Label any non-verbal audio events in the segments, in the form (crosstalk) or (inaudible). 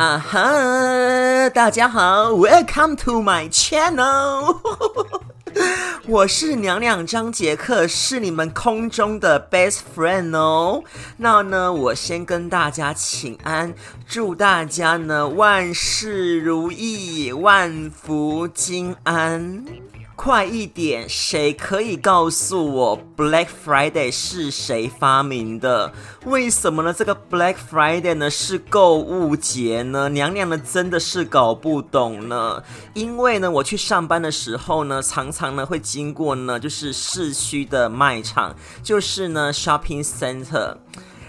啊哈！大家好，Welcome to my channel。 (laughs) 我是娘娘張杰克，是你們空中的 best friend 哦。那呢，我先跟大家請安，祝大家呢萬事如意，萬福金安。快一點！誰可以告訴我 Black Friday 是誰發明的？為什麼呢？這個 Black Friday 呢是購物節呢？娘娘呢真的是搞不懂呢。因為呢，我去上班的時候呢，常常呢會經過呢，就是市區的賣場，就是呢 Shopping Center。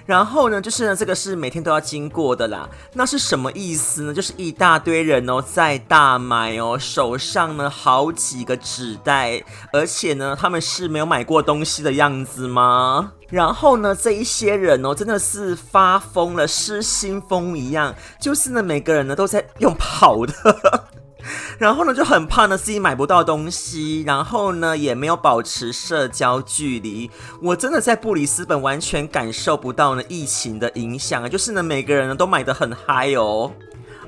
然後呢，就是呢，這個是每天都要經過的啦。那是什麼意思呢？就是一大堆人哦，在大買哦，手上呢好幾個紙袋，而且呢，他們是沒有買過東西的樣子嗎？然後呢，這一些人哦，真的是發瘋了，失心瘋一樣，就是呢，每個人呢都在用跑的。 (laughs) 然後呢，就很怕呢自己買不到東西，然後呢也沒有保持社交距離。我真的在布里斯本完全感受不到呢疫情的影響啊。就是呢每個人呢都買得很嗨哦，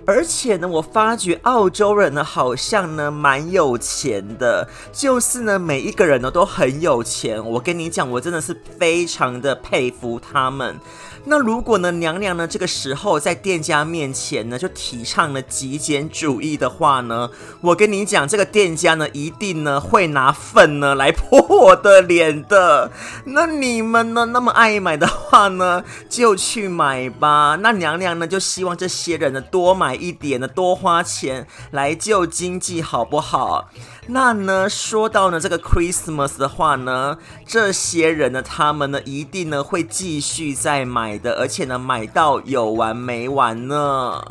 而且呢我發覺澳洲人呢好像呢蠻有錢的，就是呢每一個人呢都很有錢。我跟你講，我真的是非常的佩服他們。那如果呢，娘娘呢這個時候在店家面前呢就提倡了極簡主義的話呢，我跟你講，這個店家呢一定呢會拿糞呢來潑我的臉的。那你們呢那麼愛買的話呢，就去買吧。那娘娘呢就希望這些人呢多買一點呢，多花錢來救經濟，好不好？那呢說到呢這個 Christmas 的話呢，這些人呢他們呢一定呢會繼續再買。而且呢，買到有完沒完呢？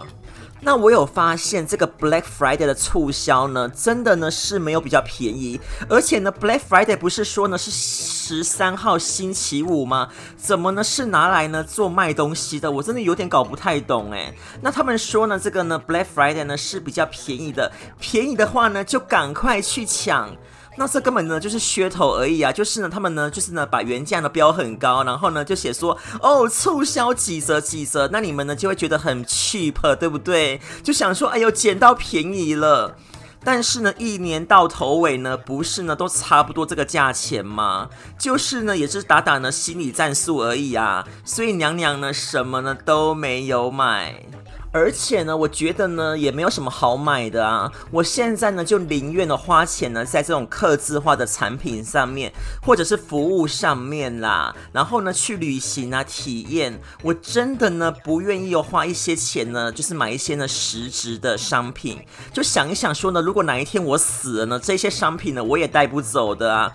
那我有發現這個 Black Friday 的促銷呢，真的呢是沒有比較便宜。而且呢，Black Friday 不是說呢是十三號星期五嗎？怎麼呢是拿來呢做賣東西的？我真的有點搞不太懂誒、欸。那他們說呢，這個呢 Black Friday 呢是比較便宜的，便宜的話呢就趕快去搶。那這根本呢就是噱頭而已啊！就是呢，他們呢，就是呢，把原價呢標很高，然後呢就寫說哦促銷幾折幾折，那你們呢就會覺得很 cheap，對不對？就想說哎呦撿到便宜了。但是呢，一年到頭尾呢不是呢都差不多這個價錢嗎？就是呢也是打打呢心理戰術而已啊。所以娘娘呢什麼呢都沒有買。而且呢，我覺得呢，也沒有什麼好買的啊。我現在呢，就寧願呢，花錢呢，在這種客製化的產品上面，或者是服務上面啦，然後呢，去旅行啊，體驗。我真的呢，不願意哦，花一些錢呢，就是買一些呢，實質的商品。就想一想說呢，如果哪一天我死了呢，這些商品呢，我也帶不走的啊。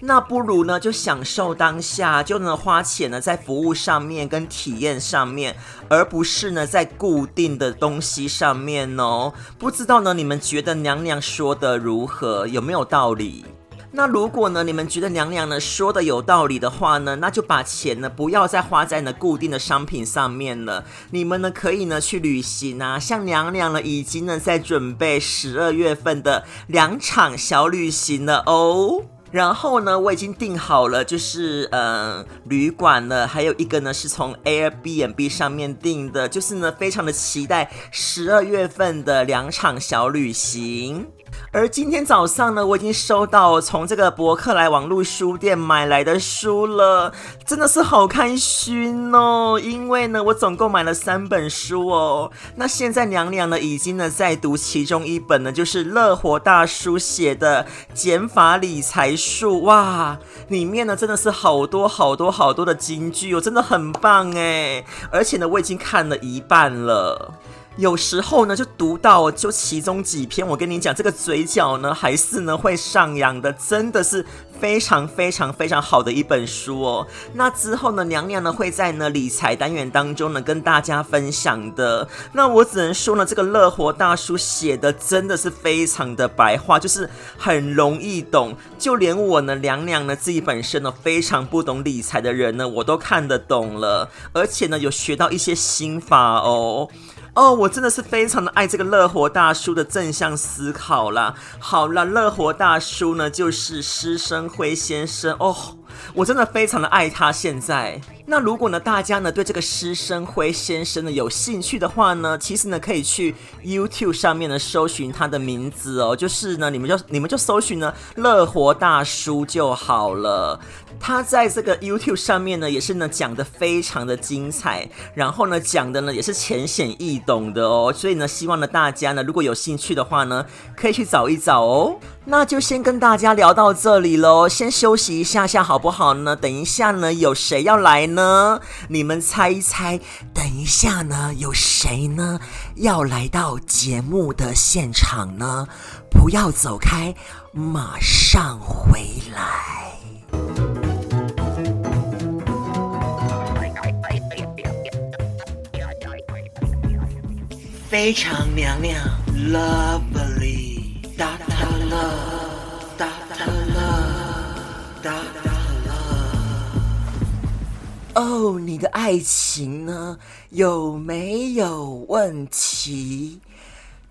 那不如呢，就享受當下，就能花錢呢，在服務上面跟體驗上面，而不是呢，在固定的東西上面哦。不知道呢，你們覺得娘娘說的如何？有沒有道理？那如果呢，你們覺得娘娘呢說的有道理的話呢，那就把錢呢不要再花在呢固定的商品上面了。你們呢可以呢去旅行啊，像娘娘呢已經呢在準備十二月份的兩場小旅行了哦。然後呢，我已經訂好了，就是嗯、呃，旅館了。還有一個呢，是從 Airbnb 上面訂的，就是呢，非常的期待十二月份的兩場小旅行。而今天早上呢，我已經收到從這個博客來網絡書店買來的書了，真的是好開心哦！因為呢，我總共買了三本書哦。那現在娘娘呢，已經呢在讀其中一本呢，就是樂活大叔寫的《減法理財術》。哇，裡面呢真的是好多好多好多的金句哦，真的很棒誒。而且呢，我已經看了一半了。有時候呢，就讀到就其中幾篇，我跟你講，這個嘴角呢還是呢會上揚的，真的是非常非常非常好的一本書哦。那之後呢，娘娘呢會在呢理財單元當中呢跟大家分享的。那我只能說呢，這個樂活大叔寫的真的是非常的白話，就是很容易懂。就連我呢，娘娘呢自己本身呢非常不懂理財的人呢，我都看得懂了，而且呢有學到一些心法哦。哦，我真的是非常的愛這個樂活大叔的正向思考啦。好啦，樂活大叔呢，就是施昇輝先生。哦，我真的非常的愛他，現在。那如果呢，大家呢對這個施昇輝先生呢有興趣的話呢，其實呢可以去 YouTube 上面呢搜尋他的名字哦，就是呢你們就你們就搜尋呢樂活大叔就好了。他在這個 YouTube 上面呢也是呢講得非常的精彩，然後呢講的呢也是淺顯易懂的哦，所以呢希望呢大家呢如果有興趣的話呢，可以去找一找哦。那就先跟大家聊到這裡嘍，先休息一下下好不好呢？等一下呢，有誰要來呢？你們猜一猜，等一下呢，有誰呢要來到節目的現場呢？不要走開，馬上回來。非常娘娘，love。Lovely. 你的愛情呢？有沒有問題？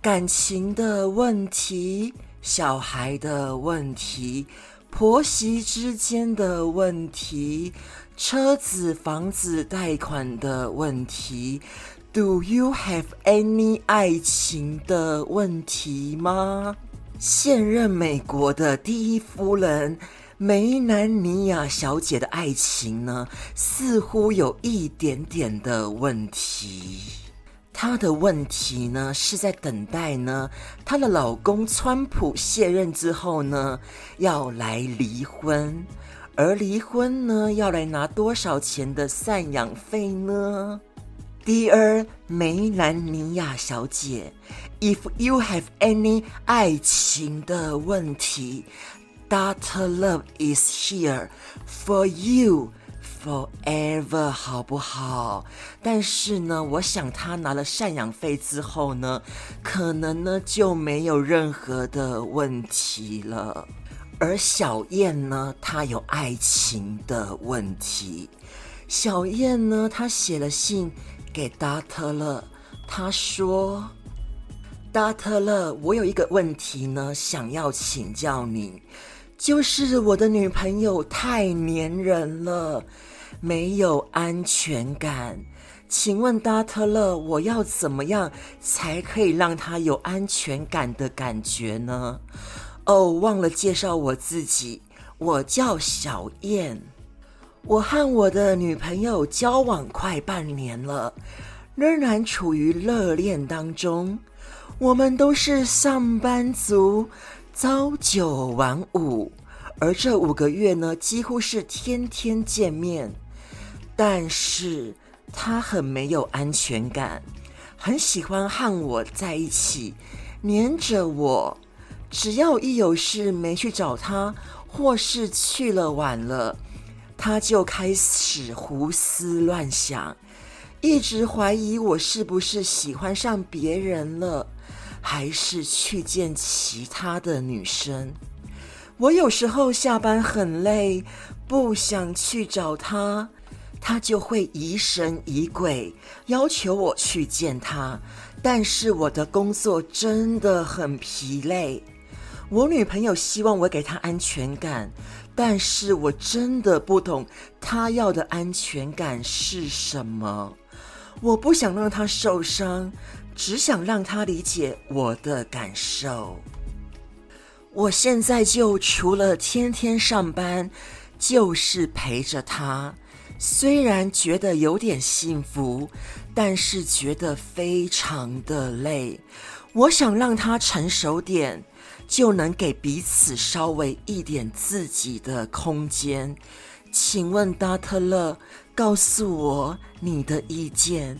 感情的問題，小孩的問題，婆媳之間的問題，車子、房子、貸款的問題。Do you have any 愛情的問題嗎？現任美國的第一夫人，梅蘭妮亞小姐的愛情呢，似乎有一點點的問題。她的問題呢，是在等待呢，她的老公川普卸任之後呢，要來離婚，而離婚呢要來拿多少錢的贍養費呢？Dear 梅蘭妮亞小姐，If you have any 愛情的問題。Doctor Love is here for you forever，好不好？但是呢，我想他拿了贍養費之後呢，可能呢就沒有任何的問題了。而小燕呢，她有愛情的問題。小燕呢，她寫了信給 Doctor Love，她說：“Doctor Love，我有一個問題呢，想要請教你。”就是我的女朋友太粘人了，沒有安全感。請問 Dr. Love，我要怎麼樣才可以讓她有安全感的感覺呢？哦，忘了介紹我自己，我叫小燕。我和我的女朋友交往快半年了，仍然處於熱戀當中。我們都是上班族。朝九晚五，而這五個月呢，幾乎是天天見面。但是他很沒有安全感，很喜歡和我在一起，黏着我。只要一有事沒去找他，或是去了晚了，他就開始胡思亂想，一直懷疑我是不是喜歡上別人了。還是去見其他的女生。我有時候下班很累，不想去找她，她就會疑神疑鬼，要求我去見她。但是我的工作真的很疲累。我女朋友希望我給她安全感，但是我真的不懂她要的安全感是什麼。我不想讓她受傷。只想讓他理解我的感受。我現在就除了天天上班，就是陪着他。雖然覺得有點幸福，但是覺得非常的累。我想讓他成熟點，就能給彼此稍微一點自己的空間。請問 Dr. Love，告訴我你的意見。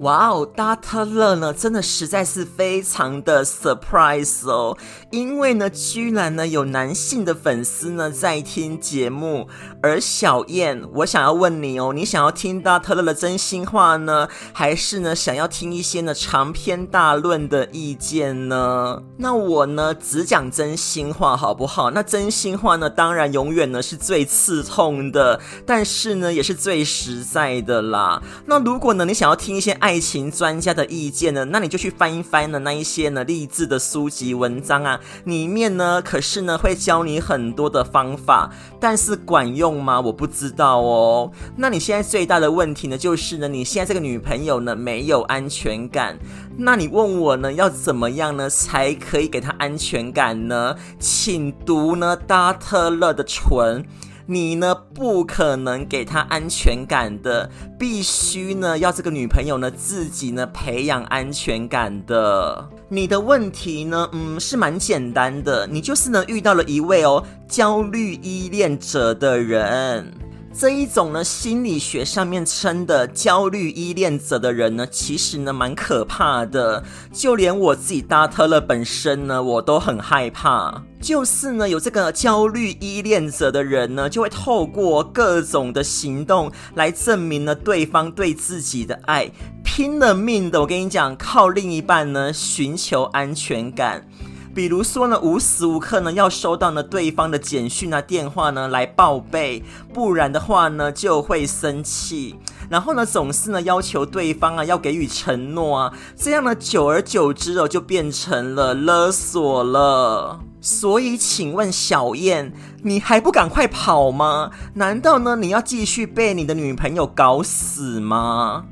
哇哦，Dr. Love 呢，真的實在是非常的 surprise 哦，因為呢，居然呢有男性的粉絲呢在聽節目，而小燕，我想要問你哦，你想要聽 Dr. Love 的真心話呢？還是呢想要聽一些呢長篇大論的意見呢？那我呢只講真心話好不好？那真心話呢，當然永遠呢是最刺痛的，但是呢也是最實在的啦。那如果呢你想要聽一些愛。愛情專家的意見呢？那你就去翻一翻呢，那一些呢勵志的書籍文章啊，裡面呢可是呢會教你很多的方法，但是管用嗎？我不知道哦。那你現在最大的問題呢，就是呢你現在這個女朋友呢沒有安全感。那你問我呢要怎麼樣呢才可以給她安全感呢？請讀呢達特勒的唇。你呢，不可能給她安全感的，必須呢，要這個女朋友呢自己呢培養安全感的。你的問題呢，嗯，是蠻簡單的，你就是呢遇到了一位哦焦慮依戀者的人。這一種呢，心理學上面稱的焦慮依戀者的人呢，其實呢蠻可怕的。就連我自己搭特勒本身呢，我都很害怕。就是呢，有這個焦慮依戀者的人呢，就會透過各種的行動來證明呢對方對自己的愛，拼了命的。我跟你講，靠另一半呢尋求安全感。比如說呢，無時無刻呢要收到呢對方的簡訊啊、電話呢來報備，不然的話呢就會生氣。然後呢總是呢要求對方啊要給予承諾啊，這樣呢久而久之哦就變成了勒索了。所以請問小燕，你還不趕快跑嗎？難道呢你要繼續被你的女朋友搞死嗎？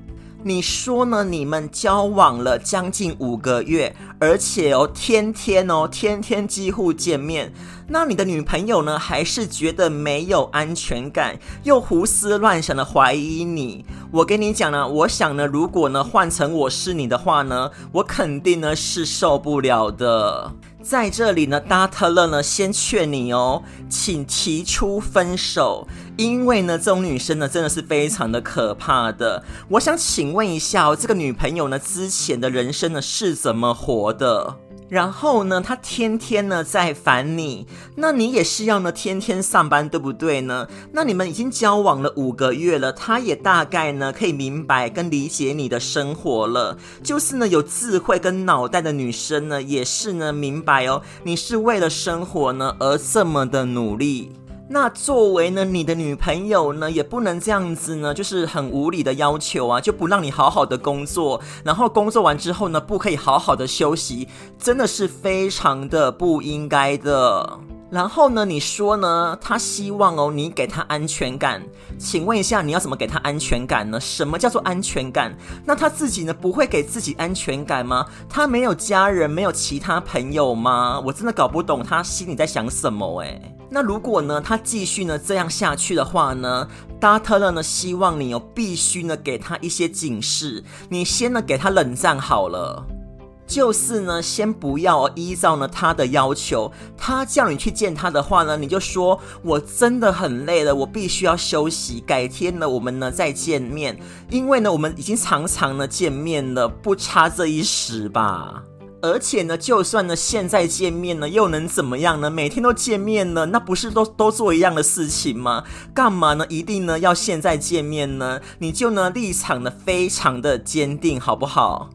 你說呢？你們交往了將近五個月，而且哦，天天哦，天天幾乎見面。那你的女朋友呢，還是覺得沒有安全感，又胡思亂想的懷疑你。我跟你講呢，我想呢，如果呢，換成我是你的話呢，我肯定呢，是受不了的。在這裡呢，Dr. Love 呢，先勸你哦，請提出分手，因為呢，這種女生呢，真的是非常的可怕的。我想請問一下哦，這個女朋友呢，之前的人生呢，是怎麼活的？然後呢，他天天呢在煩你，那你也是要呢天天上班，對不對呢？那你們已經交往了五個月了，他也大概呢可以明白跟理解你的生活了。就是呢有智慧跟腦袋的女生呢，也是呢明白哦，你是為了生活呢而這麼的努力。那作為呢，你的女朋友呢，也不能這樣子呢，就是很無理的要求啊，就不讓你好好的工作，然後工作完之後呢，不可以好好的休息，真的是非常的不應該的。然後呢，你說呢？他希望哦，你給他安全感。請問一下，你要怎麼給他安全感呢？什麼叫做安全感？那他自己呢，不會給自己安全感嗎？他沒有家人，沒有其他朋友嗎？我真的搞不懂他心裡在想什麼欸。那如果呢，他繼續呢這樣下去的話呢，Doctor 呢希望你有必須呢給他一些警示。你先呢給他冷戰好了，就是呢先不要依照呢他的要求，他叫你去見他的話呢，你就說我真的很累了，我必須要休息，改天呢我們呢再見面，因為呢我們已經常常呢見面了，不差這一時吧。而且呢，就算呢現在見面呢，又能怎麼樣呢？每天都見面呢，那不是都都做一樣的事情嗎？幹嘛呢？一定呢要現在見面呢？你就呢立場呢非常的堅定，好不好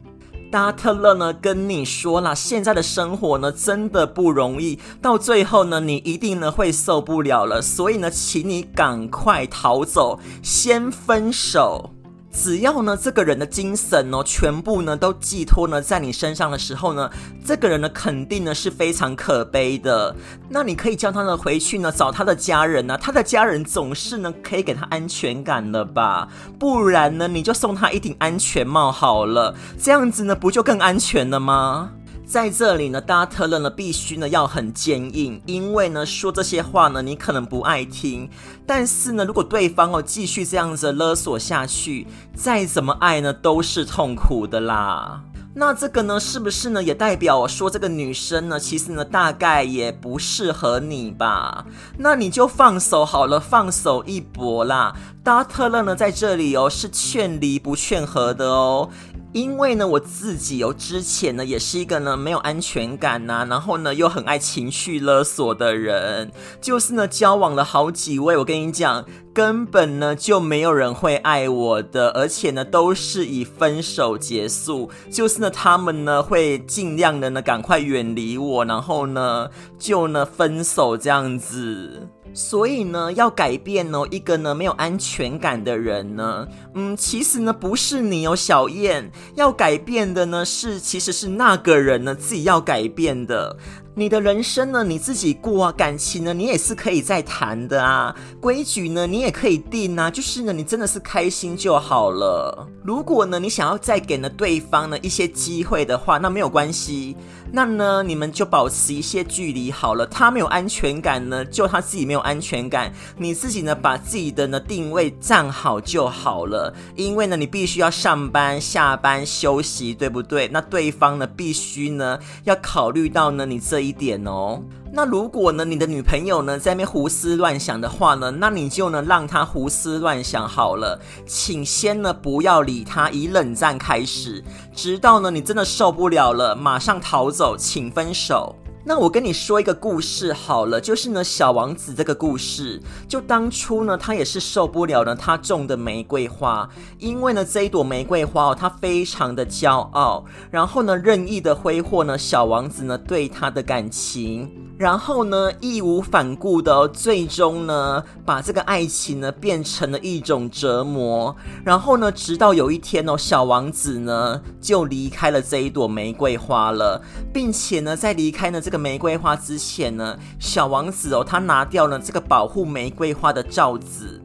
？Dr. Love 呢跟你說啦，現在的生活呢真的不容易，到最後呢你一定呢會受不了了，所以呢請你趕快逃走，先分手。只要呢，這個人的精神哦，全部呢都寄托呢在你身上的時候呢，這個人呢肯定呢是非常可悲的。那你可以叫他呢回去呢找他的家人呢，啊，他的家人總是呢可以給他安全感的吧？不然呢，你就送他一頂安全帽好了，這樣子呢不就更安全了嗎？在這裡呢，Dr. Love 呢，必須呢要很堅硬，因為呢說這些話呢，你可能不愛聽，但是呢，如果對方哦繼續這樣子勒索下去，再怎麼愛呢都是痛苦的啦。那這個呢是不是呢也代表說這個女生呢其實呢大概也不適合你吧？那你就放手好了，放手一搏啦。Dr. Love 呢，在這裡哦，是勸離不勸和的哦，因為呢，我自己哦，之前呢，也是一個呢沒有安全感吶、啊，然後呢又很愛情緒勒索的人，就是呢交往了好幾位，我跟你講，根本呢就沒有人會愛我的，而且呢都是以分手結束，就是呢他們呢會盡量的呢趕快遠離我，然後呢就呢分手這樣子。所以呢，要改變哦，一個呢沒有安全感的人呢，嗯，其實呢不是你哦，小燕，要改變的呢是，其實是那個人呢自己要改變的。你的人生呢，你自己過啊；感情呢，你也是可以再談的啊；規矩呢，你也可以定啊。就是呢，你真的是開心就好了。如果呢，你想要再給呢對方呢一些機會的話，那沒有關係。那呢，你們就保持一些距離好了。他沒有安全感呢，就他自己沒有安全感。你自己呢，把自己的呢定位站好就好了。因為呢，你必須要上班、下班、休息，對不對？那對方呢，必須呢要考慮到呢你這。一點哦。那如果呢，你的女朋友呢在那胡思亂想的話呢，那你就能讓她胡思亂想好了。請先呢不要理她，以冷戰開始，直到呢你真的受不了了，馬上逃走，請分手。那我跟你說一個故事好了，就是呢，小王子這個故事，就當初呢，他也是受不了呢，他種的玫瑰花，因為呢，這一朵玫瑰花哦，他非常的驕傲，然後呢，任意的揮霍呢，小王子呢對他的感情，然後呢，義無反顧的哦，最終呢，把這個愛情呢變成了一種折磨，然後呢，直到有一天哦，小王子呢就離開了這一朵玫瑰花了，並且呢，在離開呢這。玫瑰花之前呢，小王子哦，他拿掉了這個保護玫瑰花的罩子，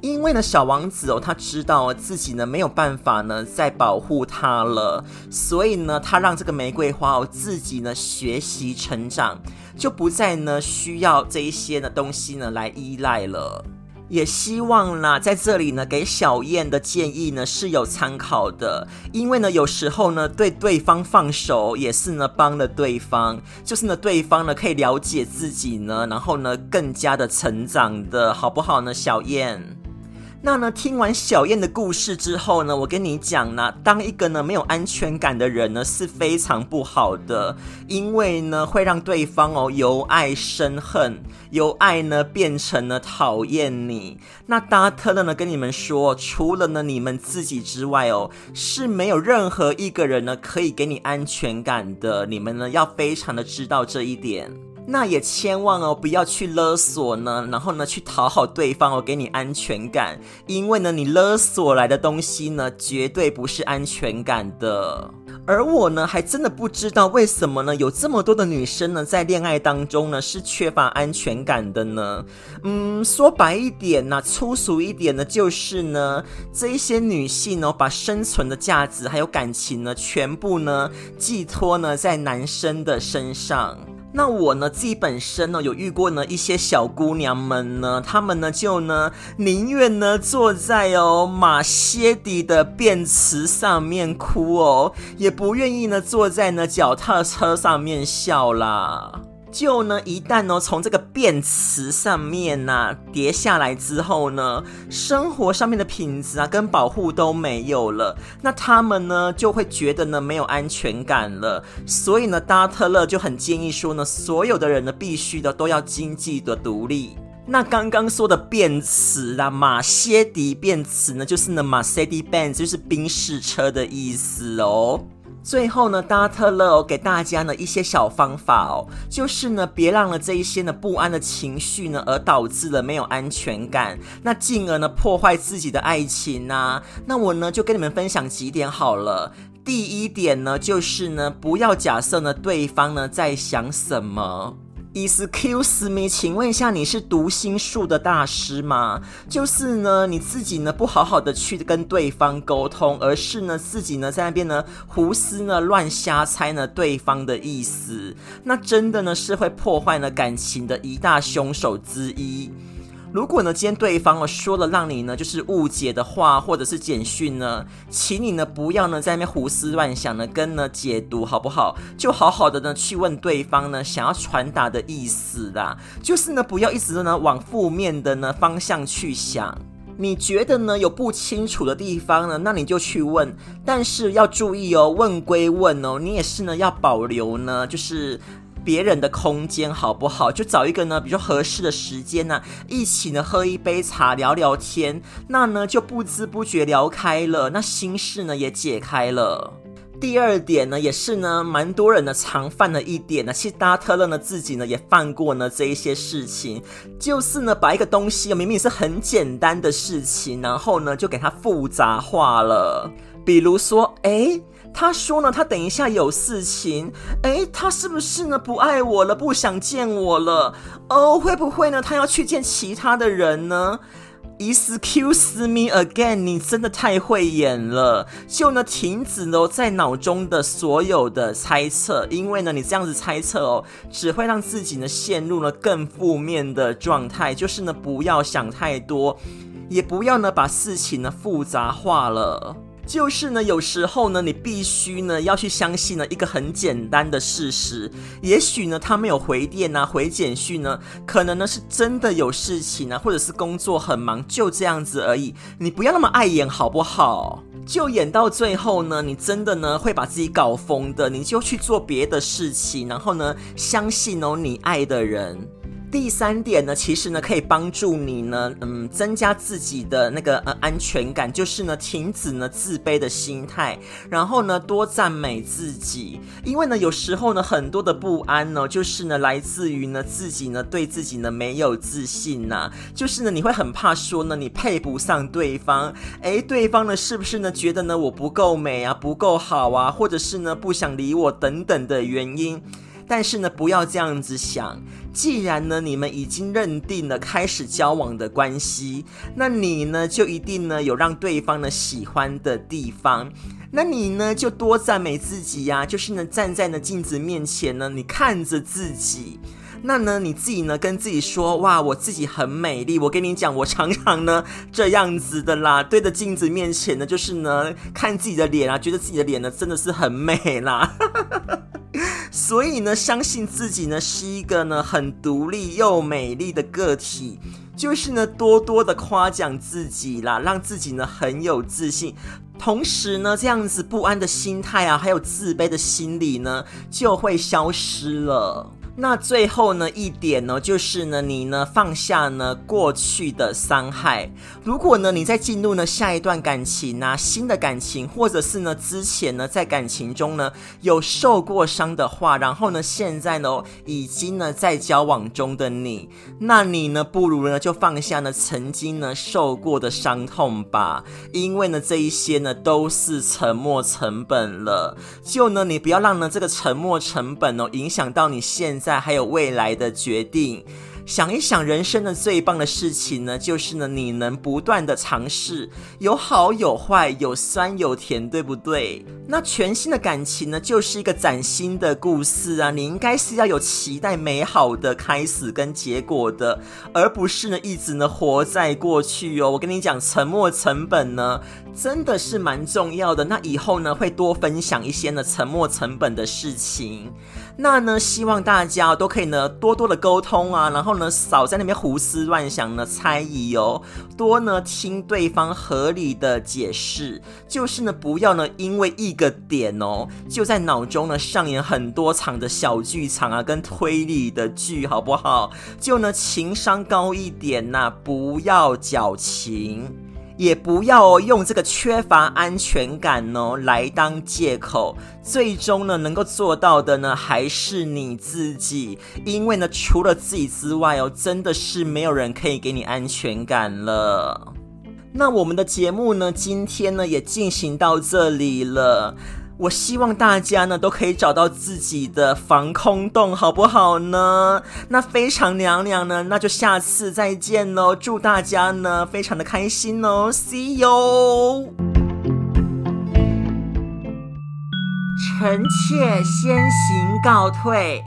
因為呢，小王子哦，他知道哦，自己呢沒有辦法呢再保護他了，所以呢，他讓這個玫瑰花哦自己呢學習成長，就不再呢需要這一些的東西呢來依賴了。也希望啦，在這裡呢，給小燕的建議呢是有參考的，因為呢，有時候呢，對對對方放手也是呢，幫了對方，就是呢，對方呢可以了解自己呢，然後呢，更加的成長的好不好呢，小燕？那呢，聽完小燕的故事之後呢，我跟你講呢，當一個呢沒有安全感的人呢是非常不好的，因為呢會讓對方哦由愛生恨，由愛呢變成了討厭你。那 Dr. Love 呢跟你們說哦，除了呢你們自己之外哦，是沒有任何一個人呢可以給你安全感的，你們呢要非常的知道這一點。那也千萬哦，不要去勒索呢，然後呢，去討好對方哦，給你安全感。因為呢，你勒索來的東西呢，絕對不是安全感的。而我呢，還真的不知道為什麼呢，有這麼多的女生呢，在戀愛當中呢，是缺乏安全感的呢。嗯，說白一點呢啊，粗俗一點呢，就是呢，這一些女性呢，把生存的價值還有感情呢，全部呢，寄托呢，在男生的身上。那我呢自己本身呢，有遇過呢一些小姑娘們呢，她們呢就呢寧願呢坐在哦馬歇底的便池上面哭哦，也不願意呢坐在呢腳踏車上面笑啦。就呢，一旦呢、哦、從這個變詞上面吶、啊、跌下來之後呢，生活上面的品質啊跟保護都沒有了，那他們呢就會覺得呢沒有安全感了。所以呢，Dr. Love 就很建議說呢，所有的人呢必須的都要經濟的獨立。那剛剛說的變詞啦，馬歇迪變詞呢，就是呢馬歇迪 Benz 就是賓士車的意思哦。最後呢，Dr. Love 給大家呢一些小方法哦，就是呢，別讓了這一些呢不安的情緒呢，而導致了沒有安全感，那進而呢破壞自己的愛情吶、啊。那我呢就跟你們分享幾點好了。第一點呢，就是呢，不要假設呢對方呢在想什麼。Excuse me，請問一下，你是讀心術的大師嗎？就是呢，你自己呢不好好的去跟對方溝通，而是呢自己呢在那邊呢胡思呢亂瞎猜呢對方的意思，那真的呢是會破壞呢感情的一大凶手之一。如果呢，今天對方說了讓你呢就是誤解的話，或者是簡訊呢，請你呢不要呢在那邊胡思亂想呢，跟呢解讀好不好？就好好的呢去問對方呢想要傳達的意思啦。就是呢不要一直呢往負面的呢方向去想。你覺得呢有不清楚的地方呢，那你就去問。但是要注意哦，問歸問哦，你也是呢要保留呢，就是。別人的空間好不好？就找一個呢，比較合適的時間呢啊，一起呢喝一杯茶聊聊天，那呢就不知不覺聊開了，那心事呢也解開了。第二點呢，也是呢蠻多人呢常犯的一點呢，其實大家特勒呢自己呢也犯過呢這一些事情，就是呢把一個東西明明是很簡單的事情，然後呢就給它複雜化了，比如說誒。他說呢，他等一下有事情。誒，他是不是呢不愛我了，不想見我了？哦，會不會呢他要去見其他的人呢？Excuse me again，你真的太會演了。就呢，停止哦，在腦中的所有的猜測，因為呢，你這樣子猜測哦，只會讓自己呢陷入了更負面的狀態。就是呢，不要想太多，也不要呢把事情呢複雜化了。就是呢，有時候呢，你必須呢要去相信呢一個很簡單的事實。也許呢他沒有回電啊，回簡訊呢，可能呢是真的有事情啊，或者是工作很忙，就這樣子而已。你不要那麼愛演好不好？就演到最後呢，你真的呢會把自己搞瘋的，你就去做別的事情，然後呢相信哦，你愛的人。第三點呢，其實呢，可以幫助你呢，嗯，增加自己的那個呃安全感，就是呢，停止呢自卑的心態，然後呢，多讚美自己，因為呢，有時候呢，很多的不安呢、哦，就是呢，來自於呢自己呢對自己呢沒有自信吶、啊，就是呢，你會很怕說呢，你配不上對方，誒，對方呢是不是呢覺得呢我不夠美啊，不夠好啊，或者是呢不想理我等等的原因。但是呢，不要這樣子想。既然呢，你們已經認定了開始交往的關係，那你呢，就一定呢有讓對方呢喜歡的地方。那你呢，就多讚美自己呀、啊，就是呢站在呢鏡子面前呢，你看着自己。那呢，你自己呢，跟自己說哇，我自己很美麗。我跟你講，我常常呢這樣子的啦，對着鏡子面前呢，就是呢看自己的臉啊，覺得自己的臉呢真的是很美啦。 (laughs) 所以呢，相信自己呢是一個呢很獨立又美麗的個體，就是呢多多的誇獎自己啦，讓自己呢很有自信，同時呢這樣子不安的心態啊，還有自卑的心理呢就會消失了。那最後呢一點呢，就是呢，你呢放下呢過去的傷害。如果呢你再進入呢下一段感情啊，新的感情，或者是呢之前呢在感情中呢有受過傷的話，然後呢現在呢已經呢在交往中的你，那你呢不如呢就放下呢曾經呢受過的傷痛吧，因為呢這一些呢都是沉沒成本了。就呢你不要讓呢這個沉沒成本哦影響到你現。在還有未來的決定，想一想人生的最棒的事情呢，就是呢，你能不斷的嘗試，有好有壞，有酸有甜，對不對？那全新的感情呢，就是一個嶄新的故事啊，你應該是要有期待美好的開始跟結果的，而不是呢一直呢活在過去哦。我跟你講，沉沒成本呢，真的是蠻重要的。那以後呢，會多分享一些呢沉沒成本的事情。那呢，希望大家都可以呢多多的溝通啊，然後呢少在那邊胡思亂想呢猜疑哦，多呢聽對方合理的解釋，就是呢不要呢因為一個點哦就在腦中呢上演很多場的小劇場啊跟推理的劇好不好？就呢情商高一點吶、啊，不要矯情。也不要、哦、用這個缺乏安全感哦來當借口，最終呢能夠做到的呢還是你自己，因為呢除了自己之外哦真的是沒有人可以給你安全感了。那我們的節目呢今天呢也進行到這裡了。我希望大家呢都可以找到自己的防空洞，好不好呢？那非常娘娘呢，那就下次再見嘍！祝大家呢非常的開心哦，See you。臣妾先行告退。